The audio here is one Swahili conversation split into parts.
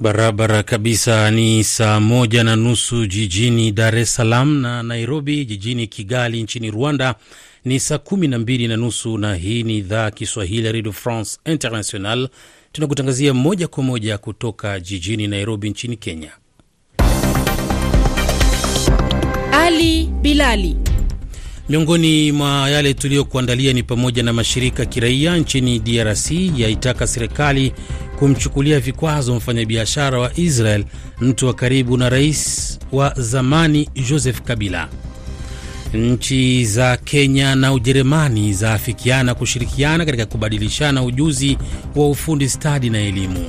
Barabara kabisa. Ni saa moja na nusu jijini Dar es Salaam na Nairobi. Jijini Kigali nchini Rwanda ni saa kumi na mbili na nusu na hii ni idhaa Kiswahili ya Radio France International. Tunakutangazia moja kwa moja kutoka jijini Nairobi nchini Kenya. Ali Bilali. Miongoni mwa yale tuliyokuandalia ni pamoja na mashirika kiraia nchini DRC yaitaka serikali kumchukulia vikwazo mfanyabiashara wa Israel, mtu wa karibu na rais wa zamani Joseph Kabila. Nchi za Kenya na Ujerumani zaafikiana kushirikiana katika kubadilishana ujuzi wa ufundi stadi na elimu.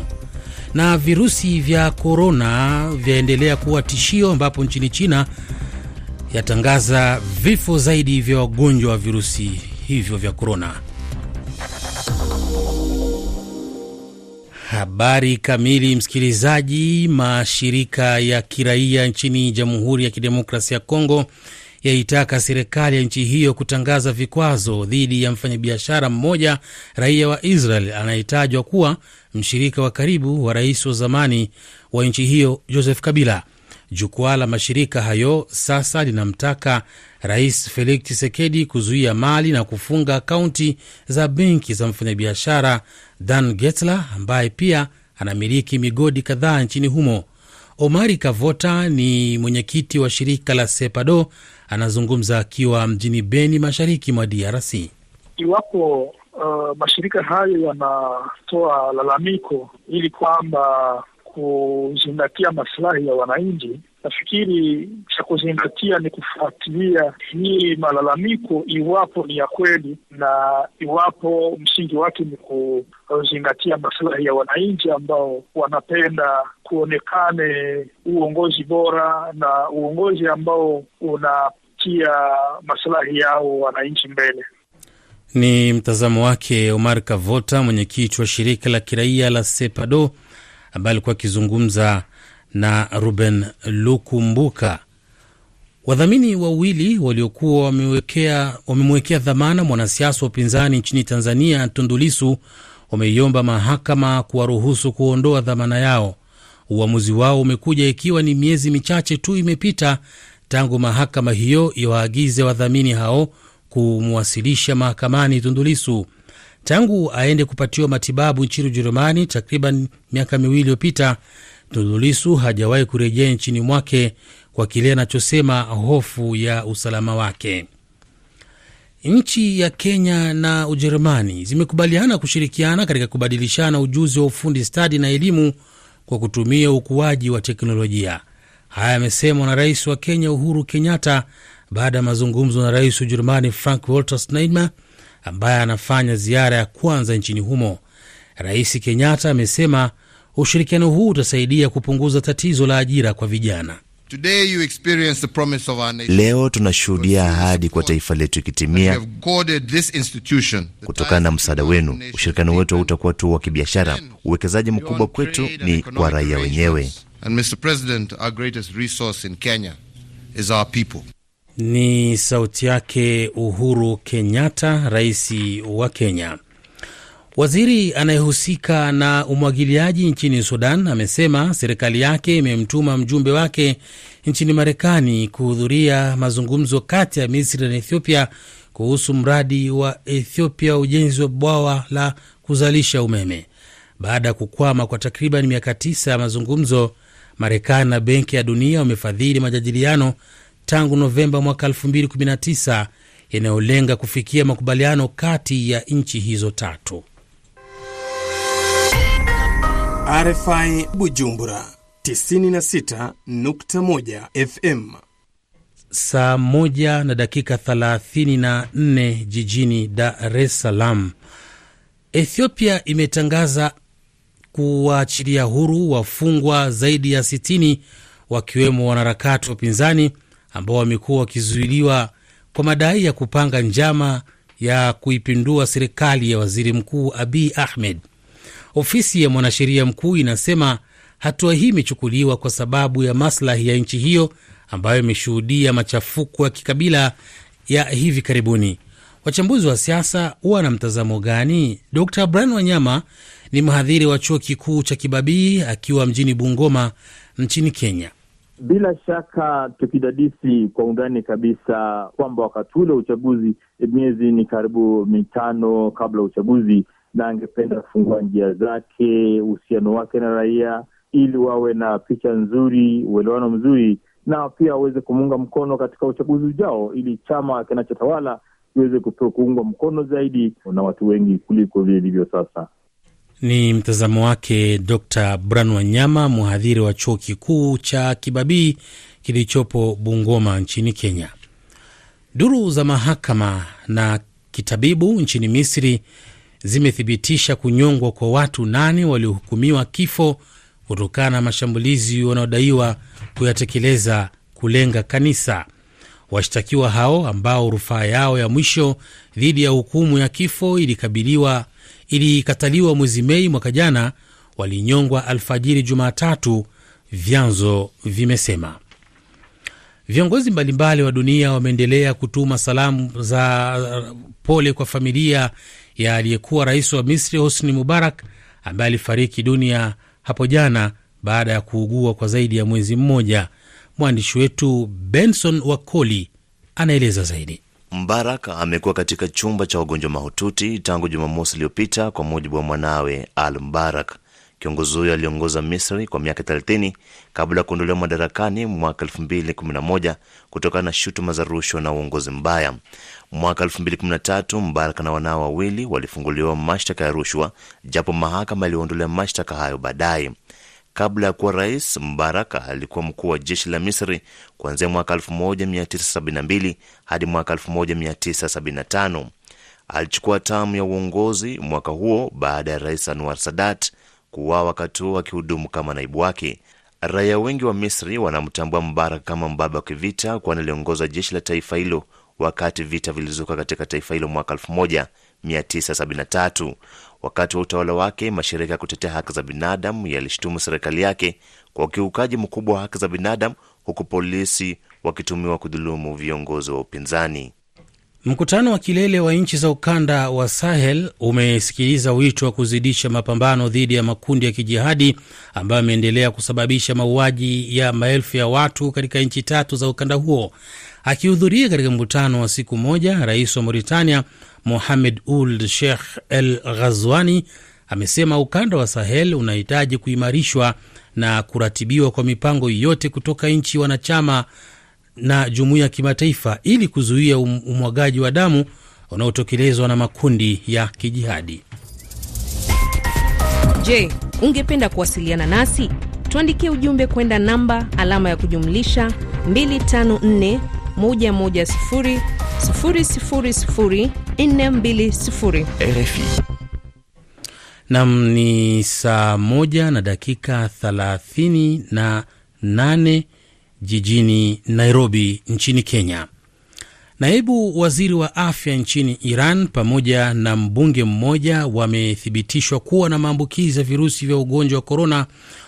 Na virusi vya korona vyaendelea kuwa tishio, ambapo nchini China yatangaza vifo zaidi vya wagonjwa wa virusi hivyo vya korona. Habari kamili, msikilizaji. Mashirika ya kiraia nchini Jamhuri ya Kidemokrasia ya Kongo yaitaka serikali ya nchi hiyo kutangaza vikwazo dhidi ya mfanyabiashara mmoja raia wa Israel anayetajwa kuwa mshirika wa karibu wa rais wa zamani wa nchi hiyo Joseph Kabila. Jukwaa la mashirika hayo sasa linamtaka Rais Felix chisekedi kuzuia mali na kufunga akaunti za benki za mfanyabiashara Dan Getler ambaye pia anamiliki migodi kadhaa nchini humo. Omari Kavota ni mwenyekiti wa shirika la SEPADO, anazungumza akiwa mjini Beni, mashariki mwa DRC. Iwapo uh, mashirika hayo yanatoa lalamiko ili kwamba kuzingatia maslahi ya wananchi, nafikiri cha kuzingatia ni kufuatilia hii malalamiko, iwapo ni ya kweli na iwapo msingi wake ni kuzingatia maslahi ya wananchi ambao wanapenda kuonekane uongozi bora na uongozi ambao unatia maslahi yao wananchi mbele. Ni mtazamo wake Omar Kavota, mwenyekiti wa shirika la kiraia la Sepado ambaye alikuwa akizungumza na Ruben Lukumbuka. Wadhamini wawili waliokuwa wamemwekea dhamana mwanasiasa wa upinzani nchini Tanzania, tundulisu wameiomba mahakama kuwaruhusu kuondoa dhamana yao. Uamuzi wao umekuja ikiwa ni miezi michache tu imepita tangu mahakama hiyo iwaagize wadhamini hao kumwasilisha mahakamani tundulisu Tangu aende kupatiwa matibabu nchini Ujerumani takriban miaka miwili iliyopita, Tundu Lissu hajawahi kurejea nchini mwake kwa kile anachosema hofu ya usalama wake. Nchi ya Kenya na Ujerumani zimekubaliana kushirikiana katika kubadilishana ujuzi wa ufundi stadi na elimu kwa kutumia ukuaji wa teknolojia. Haya yamesemwa na rais wa Kenya Uhuru Kenyatta baada ya mazungumzo na rais wa Ujerumani Frank Walter Steinmeier ambaye anafanya ziara ya kwanza nchini humo. Rais Kenyatta amesema ushirikiano huu utasaidia kupunguza tatizo la ajira kwa vijana. Today you experience the promise of our nation. Leo tunashuhudia ahadi kwa taifa letu ikitimia kutokana na msaada wenu. Ushirikiano wetu hautakuwa tu wa kibiashara, uwekezaji mkubwa kwetu ni kwa raia wenyewe. And Mr. President, our greatest resource in Kenya is our people. Ni sauti yake Uhuru Kenyatta, rais wa Kenya. Waziri anayehusika na umwagiliaji nchini Sudan amesema serikali yake imemtuma mjumbe wake nchini Marekani kuhudhuria mazungumzo kati ya Misri na Ethiopia kuhusu mradi wa Ethiopia wa ujenzi wa bwawa la kuzalisha umeme. Baada ya kukwama kwa takriban miaka tisa ya mazungumzo, Marekani na Benki ya Dunia wamefadhili majadiliano tangu Novemba mwaka 2019 yanayolenga kufikia makubaliano kati ya nchi hizo tatu. RFI Bujumbura 96.1 FM, saa 1 na dakika 34 jijini Dar es Salaam. Ethiopia imetangaza kuwaachilia huru wafungwa zaidi ya 60 wakiwemo wanaharakati wa upinzani ambao wamekuwa wakizuiliwa kwa madai ya kupanga njama ya kuipindua serikali ya waziri mkuu Abiy Ahmed. Ofisi ya mwanasheria mkuu inasema hatua hii imechukuliwa kwa sababu ya maslahi ya nchi hiyo ambayo imeshuhudia machafuko ya kikabila ya hivi karibuni. Wachambuzi wa siasa huwa na mtazamo gani? Dr Brian Wanyama ni mhadhiri wa chuo kikuu cha Kibabii akiwa mjini Bungoma nchini Kenya. Bila shaka tukidadisi kwa undani kabisa kwamba wakati ule uchaguzi, eh, miezi ni karibu mitano kabla ya uchaguzi, na angependa kufungua njia zake, uhusiano wake na raia, ili wawe na picha nzuri, uelewano mzuri, na pia waweze kumuunga mkono katika uchaguzi ujao, ili chama kinachotawala kiweze kuungwa mkono zaidi na watu wengi kuliko vilivyo sasa. Ni mtazamo wake Dr Bran Wanyama, mhadhiri wa chuo kikuu cha Kibabii kilichopo Bungoma nchini Kenya. Duru za mahakama na kitabibu nchini Misri zimethibitisha kunyongwa kwa watu nane waliohukumiwa kifo kutokana na mashambulizi wanaodaiwa kuyatekeleza kulenga kanisa. Washtakiwa hao ambao rufaa yao ya mwisho dhidi ya hukumu ya kifo ilikabiliwa ilikataliwa mwezi Mei mwaka jana, walinyongwa alfajiri Jumatatu, vyanzo vimesema. Viongozi mbalimbali wa dunia wameendelea kutuma salamu za pole kwa familia ya aliyekuwa rais wa Misri Hosni Mubarak ambaye alifariki dunia hapo jana baada ya kuugua kwa zaidi ya mwezi mmoja. Mwandishi wetu Benson Wakoli anaeleza zaidi. Mbarak amekuwa katika chumba cha wagonjwa mahututi tangu Jumamosi iliyopita kwa mujibu wa mwanawe Al Mbarak. Kiongozi huyo aliongoza Misri kwa miaka 30 kabla ya kuondolewa madarakani mwaka 2011 kutokana na shutuma za rushwa na uongozi mbaya. Mwaka 2013 Mbaraka na wanao wawili walifunguliwa mashtaka ya rushwa, japo mahakama iliondolea mashtaka hayo baadaye. Kabla ya kuwa rais, Mbaraka alikuwa mkuu wa jeshi la Misri kuanzia mwaka 1972 hadi mwaka 1975. Alichukua tamu ya uongozi mwaka huo baada ya rais Anwar Sadat kuuawa, wakati huo akihudumu kama naibu wake. Raia wengi wa Misri wanamtambua Mbaraka kama mbaba wa kivita, kwani aliongoza jeshi la taifa hilo wakati vita vilizuka katika taifa hilo mwaka 1973. Wakati wa utawala wake, mashirika ya kutetea haki za binadamu yalishtumu serikali yake kwa ukiukaji mkubwa wa haki za binadamu, huku polisi wakitumiwa kudhulumu viongozi wa upinzani. Mkutano wa kilele wa nchi za ukanda wa Sahel umesikiliza wito wa kuzidisha mapambano dhidi ya makundi ya kijihadi ambayo ameendelea kusababisha mauaji ya maelfu ya watu katika nchi tatu za ukanda huo. Akihudhuria katika mkutano wa siku moja, rais wa Mauritania Mohamed Ould Sheikh El Ghazwani amesema ukanda wa Sahel unahitaji kuimarishwa na kuratibiwa kwa mipango yote kutoka nchi wanachama na jumuiya ya kimataifa ili kuzuia um-, umwagaji wa damu unaotekelezwa na makundi ya kijihadi. Je, ungependa kuwasiliana nasi? Tuandikie ujumbe kwenda namba alama ya kujumlisha 254 110 000 420 Nam ni saa moja na dakika thelathini na nane jijini Nairobi nchini Kenya. Naibu waziri wa afya nchini Iran pamoja na mbunge mmoja wamethibitishwa kuwa na maambukizi ya virusi vya ugonjwa wa korona,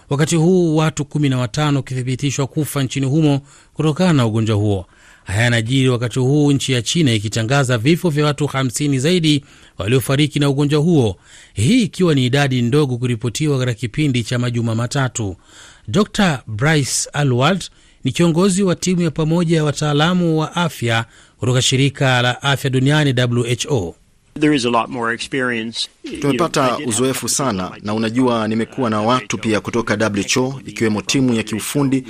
wakati huu watu 15 wakithibitishwa kufa nchini humo kutokana na ugonjwa huo. Haya yanajiri wakati huu nchi ya China ikitangaza vifo vya watu 50 zaidi waliofariki na ugonjwa huo, hii ikiwa ni idadi ndogo kuripotiwa katika kipindi cha majuma matatu. Dr Brice Alward ni kiongozi wa timu ya pamoja ya wataalamu wa afya kutoka shirika la afya duniani WHO. Uh, Tumepata uzoefu sana, na unajua, nimekuwa na watu pia kutoka WHO ikiwemo timu ya kiufundi,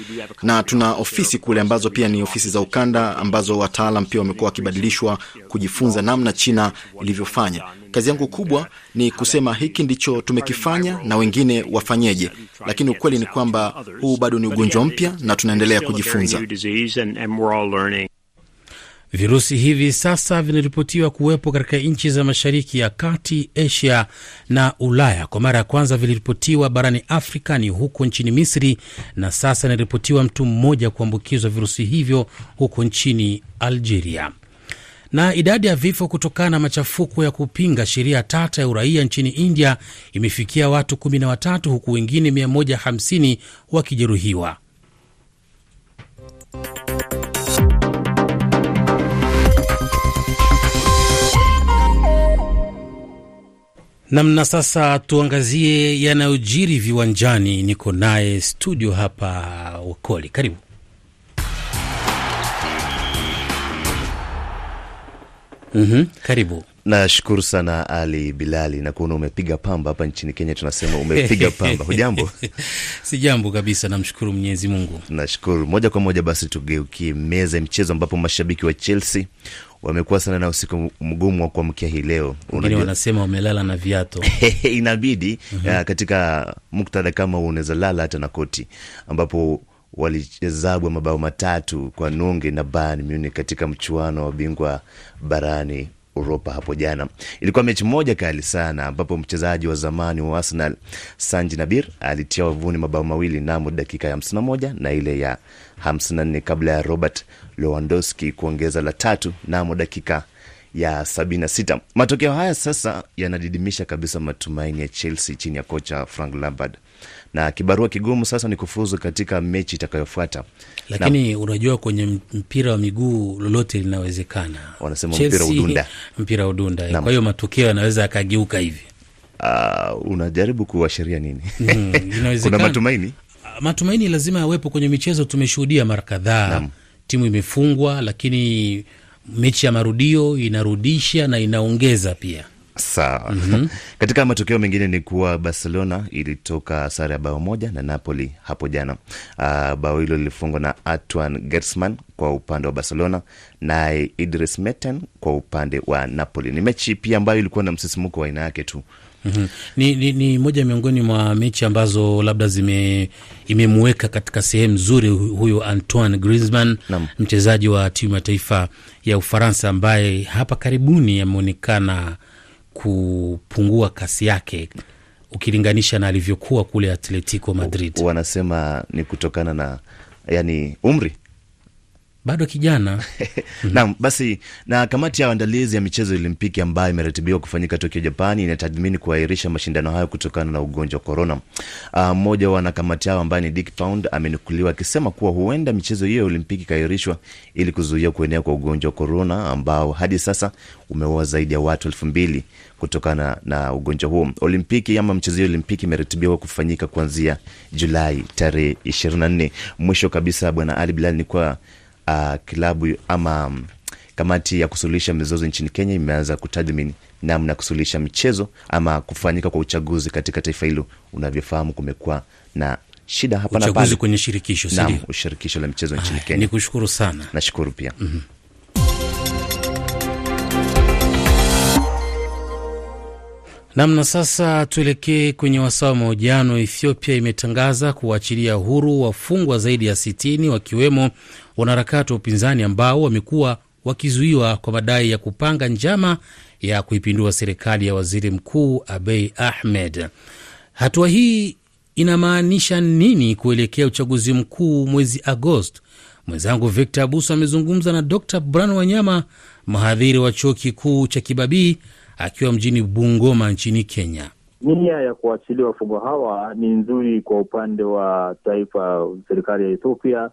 na tuna ofisi kule ambazo pia ni ofisi za ukanda ambazo wataalam pia wamekuwa wakibadilishwa kujifunza namna China ilivyofanya. Kazi yangu uh, kubwa ni kusema hiki ndicho tumekifanya na wengine wafanyeje, lakini ukweli ni kwamba huu bado ni ugonjwa mpya na tunaendelea kujifunza. Virusi hivi sasa vinaripotiwa kuwepo katika nchi za mashariki ya kati, Asia na Ulaya. Kwa mara ya kwanza viliripotiwa barani Afrika ni huko nchini Misri, na sasa inaripotiwa mtu mmoja kuambukizwa virusi hivyo huko nchini Algeria. Na idadi ya vifo kutokana na machafuko ya kupinga sheria tata ya uraia nchini India imefikia watu kumi na watatu huku wengine 150 wakijeruhiwa. Namna sasa, tuangazie yanayojiri viwanjani. Niko naye studio hapa Wakoli, karibu. mm -hmm, karibu. Nashukuru sana Ali Bilali, nakuona umepiga pamba hapa nchini Kenya, tunasema umepiga pamba. Hujambo? si jambo kabisa, namshukuru Mwenyezi Mungu. Nashukuru. Moja kwa moja basi tugeukie meza ya michezo ambapo mashabiki wa Chelsea wamekuwa sana na usiku mgumu wa kuamkia hii leo. Unajua, wanasema wamelala na viato inabidi mm -hmm. Katika muktadha kama huu unaweza lala hata na koti, ambapo walizabwa mabao matatu kwa nunge na Bayern Munich katika mchuano wa bingwa barani Uropa hapo jana. Ilikuwa mechi moja kali sana, ambapo mchezaji wa zamani wa Arsenal Sanji Nabir alitia wavuni mabao mawili namo dakika ya 51 na ile ya 54 kabla ya Robert Lewandowski kuongeza la tatu namo dakika ya 76. Matokeo haya sasa yanadidimisha kabisa matumaini ya Chelsea chini ya kocha Frank Lampard na kibarua kigumu sasa ni kufuzu katika mechi itakayofuata. Lakini na, unajua kwenye mpira wa miguu lolote linawezekana, wanasema mpira udunda, mpira udunda. Na, kwa hiyo matokeo yanaweza yakageuka hivi. Uh, unajaribu kuashiria nini? Mm, kuna matumaini ah, matumaini lazima yawepo kwenye michezo. Tumeshuhudia mara kadhaa timu imefungwa, lakini mechi ya marudio inarudisha na inaongeza pia. Sawa. mm -hmm. Katika matokeo mengine ni kuwa Barcelona ilitoka sare ya bao moja na Napoli hapo jana. Uh, bao hilo lilifungwa na atan gersman kwa upande wa Barcelona, naye Idris Meten kwa upande wa Napoli. Ni mechi pia ambayo ilikuwa na msisimuko wa aina yake tu. Mm -hmm. Ni, ni, ni moja miongoni mwa mechi ambazo labda zime katika sehemu nzuri huyo Antoine Griezmann, mchezaji wa timu ya taifa ya Ufaransa ambaye hapa karibuni ameonekana kupungua kasi yake ukilinganisha na alivyokuwa kule Atletico Madrid. Wanasema ni kutokana na yani umri bado kijana nam. Basi, na kamati ya andalizi ya michezo ya Olimpiki ambayo imeratibiwa kufanyika Tokyo, Japani, inatathmini kuahirisha mashindano hayo kutokana na ugonjwa wa korona. Ah, mmoja wa wanakamati hao ambaye ni Dick Pound amenukuliwa akisema kuwa huenda michezo hiyo ya Olimpiki ikaahirishwa ili kuzuia kuenea kwa ugonjwa wa korona ambao hadi sasa umeua zaidi ya watu elfu mbili kutokana na ugonjwa huo. Olimpiki ama mchezo hiyo Olimpiki imeratibiwa kufanyika kuanzia Julai tarehe nne. Mwisho kabisa, Bwana Ali Bilal, ni kwa uh, klabu ama um, kamati ya kusuluhisha mizozo nchini Kenya imeanza kutathmini namna ya kusuluhisha michezo ama kufanyika kwa uchaguzi katika taifa hilo. Unavyofahamu, kumekuwa na shida hapa uchaguzi kwenye shirikisho, naam, ushirikisho la michezo ah, nchini Kenya. ni kushukuru sana. Nashukuru pia mm -hmm. Namna sasa, tuelekee kwenye wasaa wa mahojiano. Ethiopia imetangaza kuwaachilia huru wafungwa zaidi ya 60 wakiwemo wanaharakati wa upinzani ambao wamekuwa wakizuiwa kwa madai ya kupanga njama ya kuipindua serikali ya waziri mkuu abei Ahmed. Hatua hii inamaanisha nini kuelekea uchaguzi mkuu mwezi Agosti? Mwenzangu Victor Abuso amezungumza na Dr Bran Wanyama, mhadhiri wa chuo kikuu cha Kibabii akiwa mjini Bungoma nchini Kenya. Nia ya kuachilia wafungwa hawa ni nzuri kwa upande wa taifa, serikali ya Ethiopia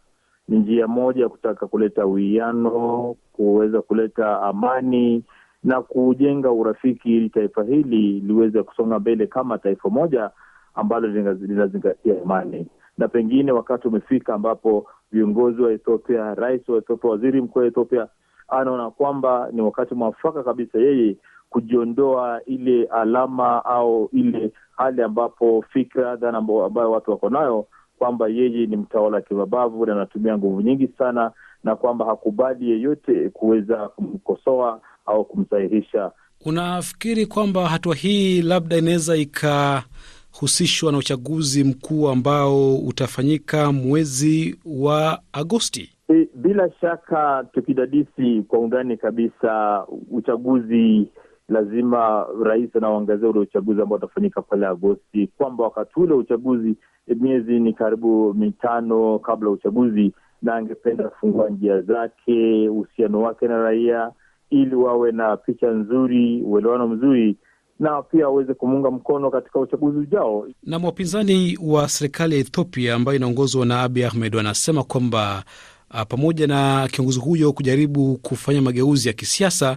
ni njia moja ya kutaka kuleta uwiano, kuweza kuleta amani na kujenga urafiki, ili taifa hili liweze kusonga mbele kama taifa moja ambalo linazingatia amani. Na pengine wakati umefika ambapo viongozi wa Ethiopia, rais wa Ethiopia, waziri mkuu wa Ethiopia anaona kwamba ni wakati mwafaka kabisa yeye kujiondoa ile alama au ile hali ambapo fikra, dhana ambayo watu wako nayo kwamba yeye ni mtawala wa kimabavu na anatumia nguvu nyingi sana, na kwamba hakubali yeyote kuweza kumkosoa au kumsahihisha. Unafikiri kwamba hatua hii labda inaweza ikahusishwa na uchaguzi mkuu ambao utafanyika mwezi wa Agosti? E, bila shaka tukidadisi kwa undani kabisa uchaguzi lazima rais anaoangazia ule uchaguzi ambao utafanyika pale Agosti, kwamba wakati ule uchaguzi Eh, miezi ni karibu mitano kabla ya uchaguzi, na angependa kufungua njia zake, uhusiano wake na raia, ili wawe na picha nzuri, uelewano mzuri na pia waweze kumuunga mkono katika uchaguzi ujao. Na wapinzani wa serikali ya Ethiopia ambayo inaongozwa na Abiy Ahmed wanasema kwamba ah, pamoja na kiongozi huyo kujaribu kufanya mageuzi ya kisiasa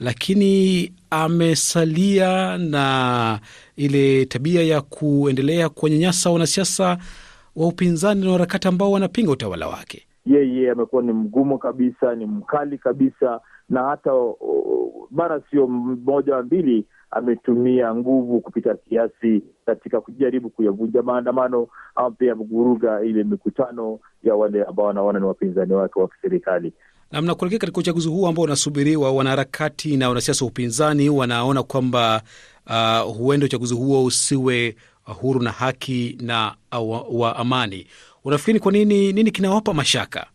lakini amesalia na ile tabia ya kuendelea kuwanyanyasa wanasiasa wa upinzani na harakati ambao wanapinga utawala wake. Yeye amekuwa ni mgumu kabisa, ni mkali kabisa, na hata mara sio mmoja wa mbili ametumia nguvu kupita kiasi katika kujaribu kuyavunja maandamano ama pia vuruga ile mikutano ya wale ambao wanaona ni wapinzani wake wa kiserikali. Namna kuelekea katika uchaguzi huu ambao unasubiriwa, wanaharakati na wanasiasa wa upinzani wanaona kwamba uh, huenda uchaguzi huo usiwe huru na haki na uh, wa, wa amani. Unafikiri kwa nini, nini kinawapa mashaka?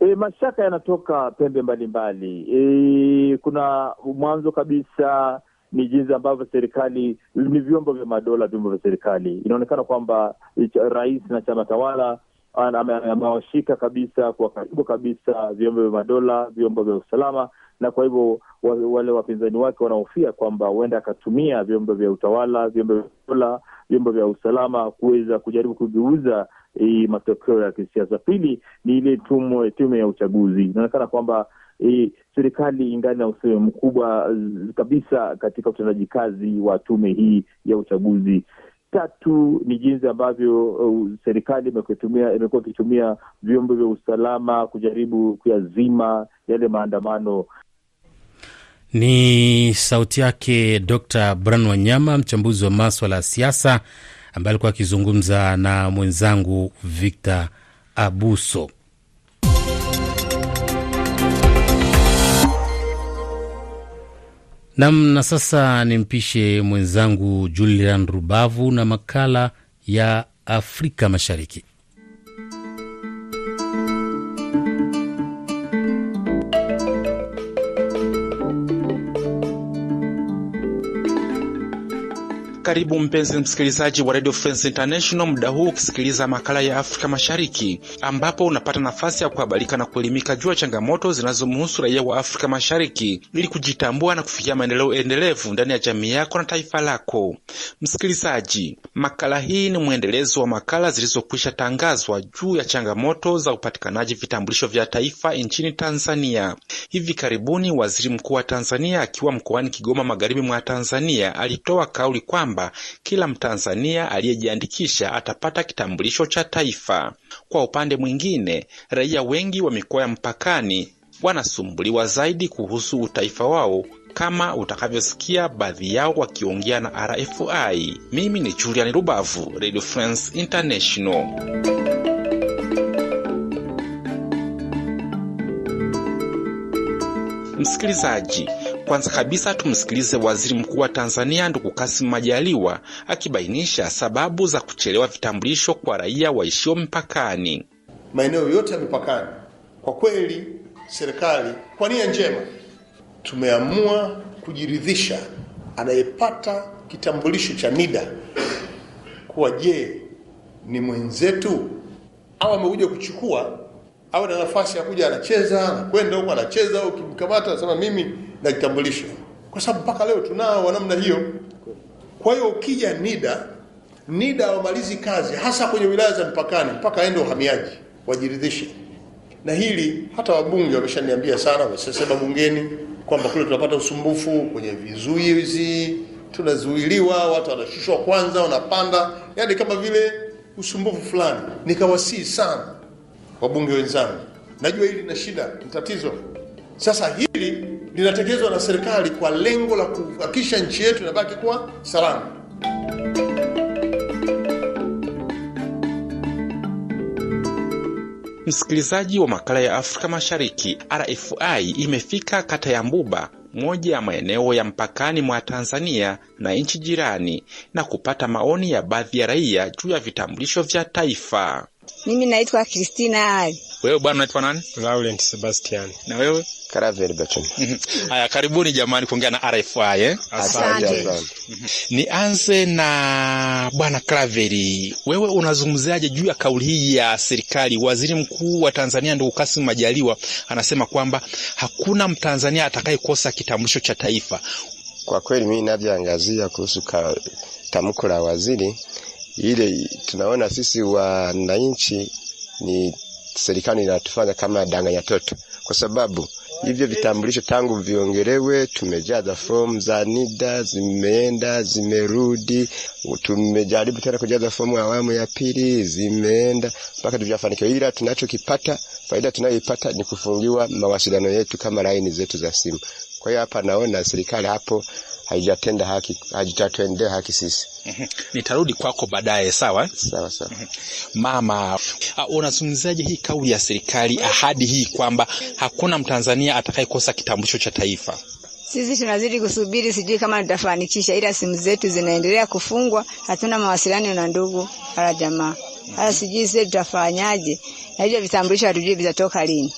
E, mashaka yanatoka pembe mbalimbali mbali. E, kuna mwanzo kabisa ni jinsi ambavyo serikali ni vyombo vya madola, vyombo vya serikali, inaonekana kwamba e, rais na chama tawala amewashika kabisa kwa karibu kabisa vyombo vya madola, vyombo vya usalama, na kwa hivyo wale wapinzani wake wanahofia kwamba huenda akatumia vyombo vya utawala, vyombo vya dola, vyombo vya usalama kuweza kujaribu kugeuza hii matokeo ya kisiasa. Pili ni ile tume tume ya uchaguzi, inaonekana kwamba E, serikali ingali na usemi mkubwa kabisa katika utendaji kazi wa tume hii ya uchaguzi. Tatu ni jinsi ambavyo uh, serikali imekuwa ikitumia vyombo vya usalama kujaribu kuyazima yale maandamano. Ni sauti yake Dr Bran Wanyama, mchambuzi wa maswala ya siasa, ambaye alikuwa akizungumza na mwenzangu Victor Abuso. nam. Na sasa nimpishe mwenzangu Julian Rubavu na makala ya Afrika Mashariki. Karibu mpenzi msikilizaji wa Radio France International, muda huu ukisikiliza makala ya Afrika Mashariki, ambapo unapata nafasi ya kuhabarika na kuelimika juu ya changamoto zinazomhusu raia wa Afrika Mashariki ili kujitambua na kufikia maendeleo endelevu ndani ya jamii yako na taifa lako. Msikilizaji, makala hii ni mwendelezo wa makala zilizokwisha tangazwa juu ya changamoto za upatikanaji vitambulisho vya taifa nchini Tanzania. Hivi karibuni, Waziri Mkuu wa Tanzania akiwa mkoani Kigoma, magharibi mwa Tanzania, alitoa kauli kwamba kwamba kila Mtanzania aliyejiandikisha atapata kitambulisho cha Taifa. Kwa upande mwingine, raia wengi wa mikoa ya mpakani wanasumbuliwa zaidi kuhusu utaifa wao kama utakavyosikia baadhi yao wakiongea na RFI. Mimi ni Julian Rubavu, Radio France International. Msikilizaji, kwanza kabisa tumsikilize Waziri Mkuu wa Tanzania Ndugu Kassim Majaliwa akibainisha sababu za kuchelewa vitambulisho kwa raia waishio mpakani Maeneo yote ya mipakani, kwa kweli serikali kwa nia njema tumeamua kujiridhisha anayepata kitambulisho cha NIDA kuwa je, ni mwenzetu au amekuja kuchukua, awe na nafasi ya kuja anacheza, anakwenda huko anacheza, ukimkamata anasema mimi na kitambulisho, kwa sababu mpaka leo tunao wa namna hiyo. Kwa hiyo ukija NIDA, NIDA wamalizi kazi, hasa kwenye wilaya za mpakani, mpaka aende uhamiaji wajiridhishe na hili. Hata wabunge wameshaniambia sana, wamesema bungeni kwamba kule tunapata usumbufu kwenye vizuizi, tunazuiliwa, watu wanashushwa kwanza, wanapanda, yani kama vile usumbufu fulani. Nikawasihi sana wabunge wenzangu, najua hili na shida, ni tatizo sasa hili linatekelezwa na serikali kwa lengo la kuhakikisha nchi yetu inabaki kuwa salama. Msikilizaji wa makala ya Afrika Mashariki, RFI imefika kata ya Mbuba, moja ya maeneo ya mpakani mwa Tanzania na nchi jirani, na kupata maoni ya baadhi ya raia juu ya vitambulisho vya taifa. Mimi naitwa Kristina Ali. Wewe bwana unaitwa nani? Laurent Sebastian. Na wewe? Karaveri Haya, karibuni jamani kuongea na RFI eh? Asante. Mhm. Nianze na bwana Karaveri, wewe unazungumziaje juu ya kauli hii ya serikali? Waziri Mkuu wa Tanzania ndugu Kassim Majaliwa anasema kwamba hakuna Mtanzania atakayekosa kitambulisho cha taifa. Kwa kweli mimi ninavyoangazia kuhusu tamko la waziri ile, tunaona sisi wananchi ni serikali inatufanya kama danganya toto, kwa sababu hivyo vitambulisho tangu viongelewe, tumejaza fomu za NIDA zimeenda zimerudi, tumejaribu tena kujaza fomu awamu ya pili, zimeenda mpaka tujafanikiwa, ila tunachokipata faida tunayoipata ni kufungiwa mawasiliano yetu kama laini zetu za simu. Kwa hiyo hapa naona serikali hapo haijatenda haki, haitatendea haki sisi. Mhm. Nitarudi kwako baadaye, sawa sawa sawa. Mhm. Mama, unazungumziaje hii kauli ya serikali, ahadi hii kwamba hakuna Mtanzania atakayekosa kitambulisho cha taifa? Sisi tunazidi kusubiri, sijui kama tutafanikisha, ila simu zetu zinaendelea kufungwa, hatuna mawasiliano na ndugu wala jamaa. Sasa sijui sisi tutafanyaje, na hivyo vitambulisho hatujui vitatoka lini.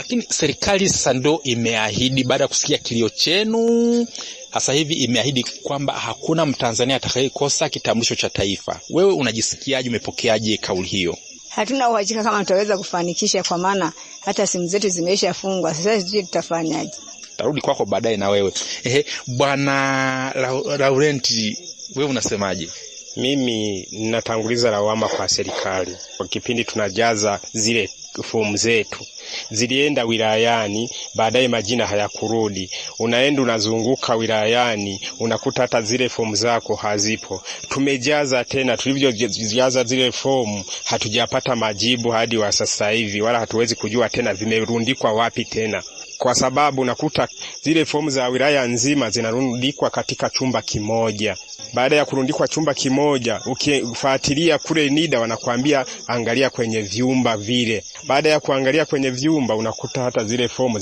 Lakini serikali sasa ndo imeahidi baada ya kusikia kilio chenu, sasa hivi imeahidi kwamba hakuna Mtanzania atakayekosa kitambulisho cha taifa. Wewe unajisikiaje? Umepokeaje kauli hiyo? Hatuna uhakika kama tutaweza kufanikisha, kwa maana hata simu zetu zimeshafungwa. Sasa sijui tutafanyaje. Tarudi kwako baadaye na wewe. Ehe, Bwana Laurenti, wewe unasemaje? Mimi ninatanguliza lawama kwa serikali kwa kipindi tunajaza zile fomu zetu zilienda wilayani, baadaye majina hayakurudi. Unaenda unazunguka wilayani, unakuta hata zile fomu zako hazipo. Tumejaza tena, tulivyojaza zile fomu hatujapata majibu hadi wa sasa hivi, wala hatuwezi kujua tena vimerundikwa wapi tena kwa sababu unakuta zile fomu za wilaya nzima zinarundikwa katika chumba kimoja. Baada ya kurundikwa chumba kimoja, ukifuatilia kule NIDA wanakuambia angalia kwenye vyumba vile. Baada ya kuangalia kwenye vyumba, unakuta hata zile fomu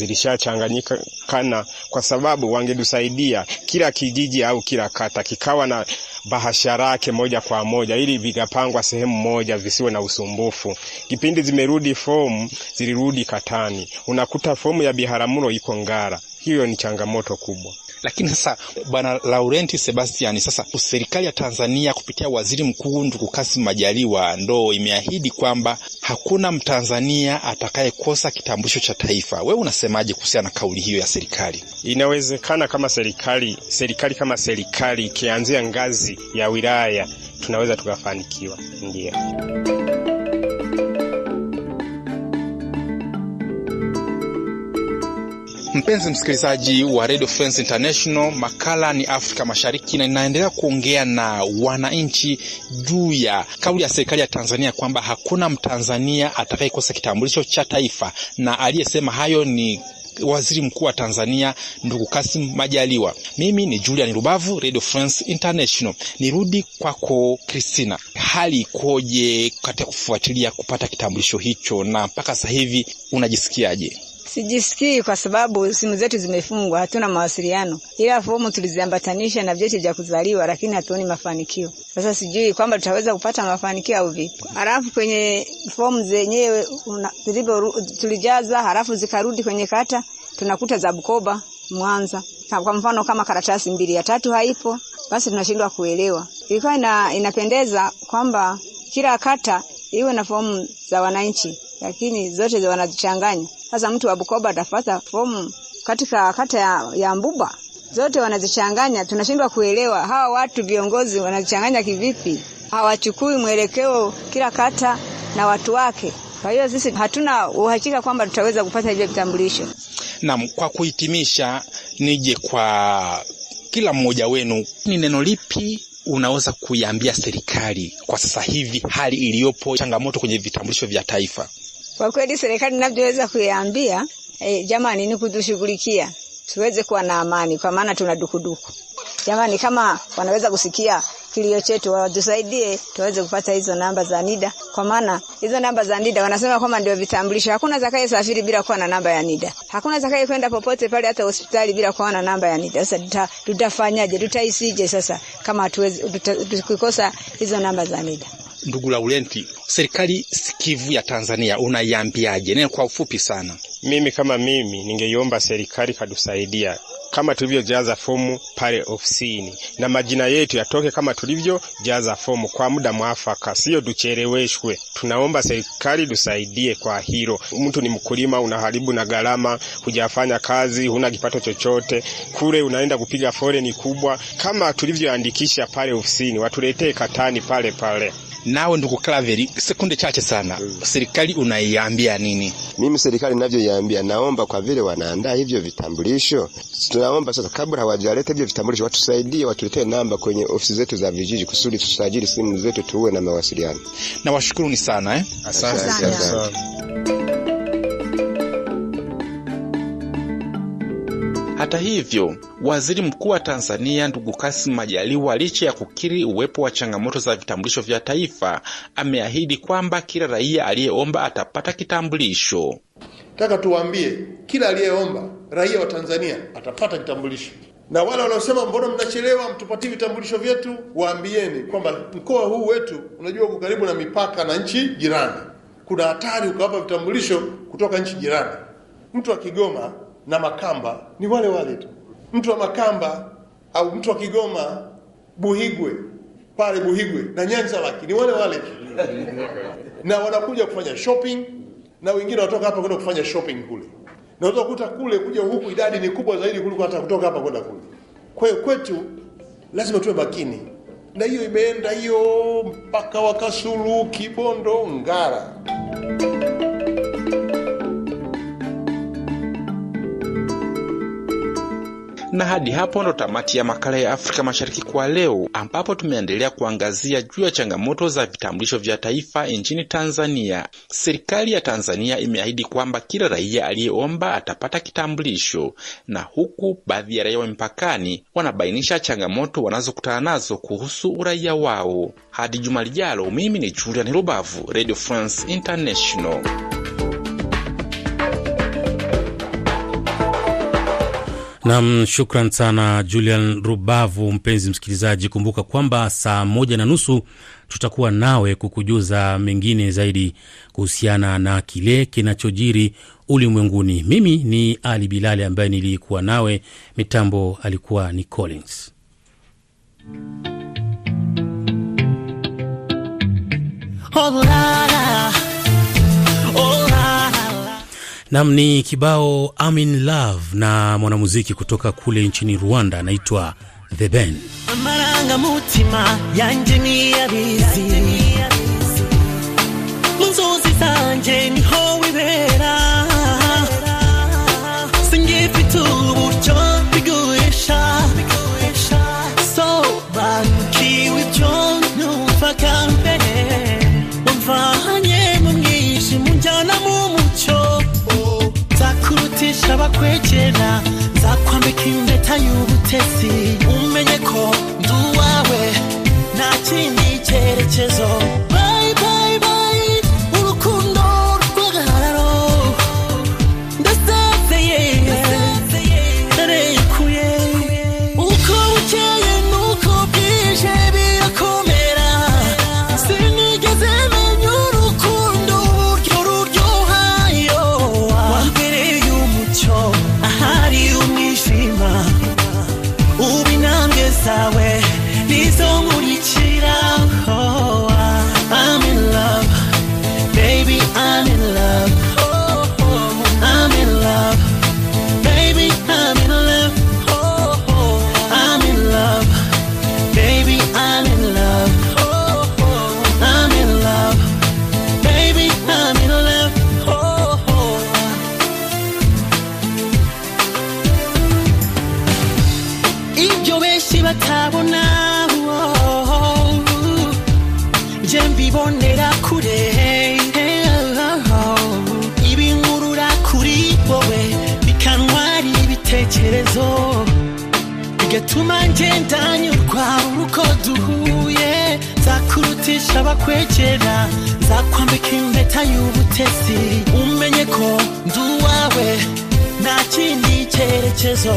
kana, kwa sababu wangetusaidia kila kijiji au kila kata kikawa na bahashara moja kwa moja, ili vikapangwa sehemu moja, visiwe na usumbufu. Kipindi zimerudi fomu, zilirudi katani, unakuta fomu ya Biharamulo iko Ngara. Hiyo ni changamoto kubwa. Lakini sasa bwana Laurenti Sebastiani, sasa serikali ya Tanzania kupitia waziri mkuu ndugu Kassim Majaliwa ndo imeahidi kwamba hakuna Mtanzania atakayekosa kitambulisho cha taifa. Wewe unasemaje kuhusiana na kauli hiyo ya serikali? Inawezekana kama serikali serikali kama serikali ikianzia ngazi ya wilaya tunaweza tukafanikiwa, ndio. Mpenzi msikilizaji wa Radio France International, makala ni Afrika Mashariki na inaendelea kuongea na wananchi juu ya kauli ya serikali ya Tanzania kwamba hakuna Mtanzania atakayekosa kitambulisho cha taifa, na aliyesema hayo ni Waziri Mkuu wa Tanzania ndugu Kasim Majaliwa. Mimi ni Julian Rubavu, Radio France International. Nirudi kwako kristina hali ikoje katika kufuatilia kupata kitambulisho hicho na mpaka sasa hivi unajisikiaje? Sijisikii kwa sababu simu zetu zimefungwa, hatuna mawasiliano, ila fomu tuliziambatanisha na vyeti vya kuzaliwa, lakini hatuoni mafanikio. Sasa sijui kwamba tutaweza kupata mafanikio au vipi. Halafu kwenye fomu zenyewe tulijaza, halafu zikarudi kwenye kata, tunakuta za Bukoba, Mwanza. Kwa mfano kama karatasi mbili, ya tatu haipo, basi tunashindwa kuelewa. Ilikuwa ina, inapendeza kwamba kila kata iwe na fomu za wananchi lakini zote wanazichanganya. Sasa mtu wa Bukoba atafata fomu katika kata ya, ya Mbuba, zote wanazichanganya, tunashindwa kuelewa hawa watu viongozi wanazichanganya kivipi? Hawachukui mwelekeo kila kata na watu wake. Kwa hiyo sisi hatuna uhakika kwamba tutaweza kupata hivyo vitambulisho. Naam, kwa kuhitimisha, nije kwa kila mmoja wenu, ni neno lipi unaweza kuiambia serikali kwa sasa hivi, hali iliyopo, changamoto kwenye vitambulisho vya taifa? Kwa kweli serikali inavyoweza kuiambia eh, jamani ni kutushughulikia tuweze kuwa na amani, kwa maana tuna dukuduku. Jamani, kama wanaweza kusikia kilio chetu watusaidie, tuweze kupata hizo namba za NIDA, kwa maana hizo namba za NIDA wanasema kwamba ndio vitambulisho. Hakuna zakaye safiri bila kuwa na namba ya NIDA, hakuna zakaye kwenda popote pale, hata hospitali bila kuwa na namba ya NIDA. Sasa tuta, tutafanyaje? Tutaisije sasa kama hatuwezi tukikosa hizo namba za NIDA? Ndugu Laurenti, serikali sikivu ya Tanzania unaiambiaje? Nene kwa ufupi sana. Mimi kama mimi ningeiomba serikali kadusaidia kama tulivyojaza fomu pale ofisini na majina yetu yatoke kama tulivyojaza fomu kwa muda mwafaka, sio tucheleweshwe. Tunaomba serikali tusaidie kwa hilo. Mtu ni mkulima, unaharibu na gharama, hujafanya kazi, huna kipato chochote, kule unaenda kupiga foleni kubwa. Kama tulivyoandikisha pale ofisini, watuletee katani pale pale nawe ndugu Claveri, sekunde chache sana mm. serikali unaiambia nini? Mimi serikali ninavyoiambia, naomba kwa vile wanaandaa hivyo vitambulisho, tunaomba sasa, kabla hawajaleta hivyo vitambulisho, watusaidie, watuletee namba kwenye ofisi zetu za vijiji kusudi tusajili simu zetu, tuwe na mawasiliano. Nawashukuruni sana eh? Asante. Hata hivyo, waziri mkuu wa Tanzania ndugu Kassim Majaliwa, licha ya kukiri uwepo wa changamoto za vitambulisho vya taifa, ameahidi kwamba kila raia aliyeomba atapata kitambulisho. Nataka tuwaambie kila aliyeomba, raia wa Tanzania atapata kitambulisho, na wale wanaosema mbona mnachelewa mtupatie vitambulisho vyetu, waambieni kwamba mkoa huu wetu, unajua, uko karibu na mipaka na nchi jirani. Kuna hatari ukawapa vitambulisho kutoka nchi jirani. Mtu wa Kigoma na Makamba ni wale wale tu. Mtu wa Makamba au mtu wa Kigoma, Buhigwe pale Buhigwe na Nyanza Laki ni wale wale tu na wanakuja kufanya shopping na wengine wanatoka hapa kwenda kufanya shopping kule, na utakuta kule kuja huku idadi ni kubwa zaidi kuliko hata kutoka hapa kwenda kule. Kwa hiyo kwetu lazima tuwe makini, na hiyo imeenda hiyo mpaka Wakasulu, Kibondo, Ngara. Na hadi hapo ndo tamati ya makala ya Afrika Mashariki kwa leo, ambapo tumeendelea kuangazia juu ya changamoto za vitambulisho vya taifa nchini Tanzania. Serikali ya Tanzania imeahidi kwamba kila raia aliyeomba atapata kitambulisho, na huku baadhi ya raia wa wanabainisha changamoto wanazokutana nazo kuhusu uraia wao. Hadi juma lijalo, mimi ni Julian Rubavu, Radio France International. Nam, shukran sana Julian Rubavu. Mpenzi msikilizaji, kumbuka kwamba saa moja na nusu tutakuwa nawe kukujuza mengine zaidi kuhusiana na kile kinachojiri ulimwenguni. Mimi ni Ali Bilali ambaye nilikuwa nawe mitambo, alikuwa ni Collins. Hola. Nam ni kibao I'm in love na mwanamuziki kutoka kule nchini Rwanda anaitwa The Ben. amarangamutima yanje zanje ndasaba kwegera nzakwambika impeta y'ubutesi umenye ko nduwawe nta kindi cyerekezo impeta y'ubutetsi umenye ko nduwawe nta kindi cyerekezo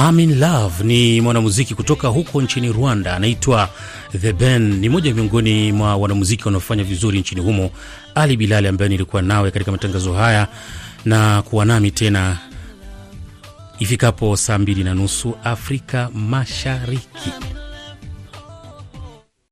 Amin Love ni mwanamuziki kutoka huko nchini Rwanda, anaitwa The Ben. Ni mmoja miongoni mwa wanamuziki wanaofanya vizuri nchini humo. Ali Bilali ambaye nilikuwa nawe katika matangazo haya na kuwa nami tena ifikapo saa mbili na nusu Afrika Mashariki.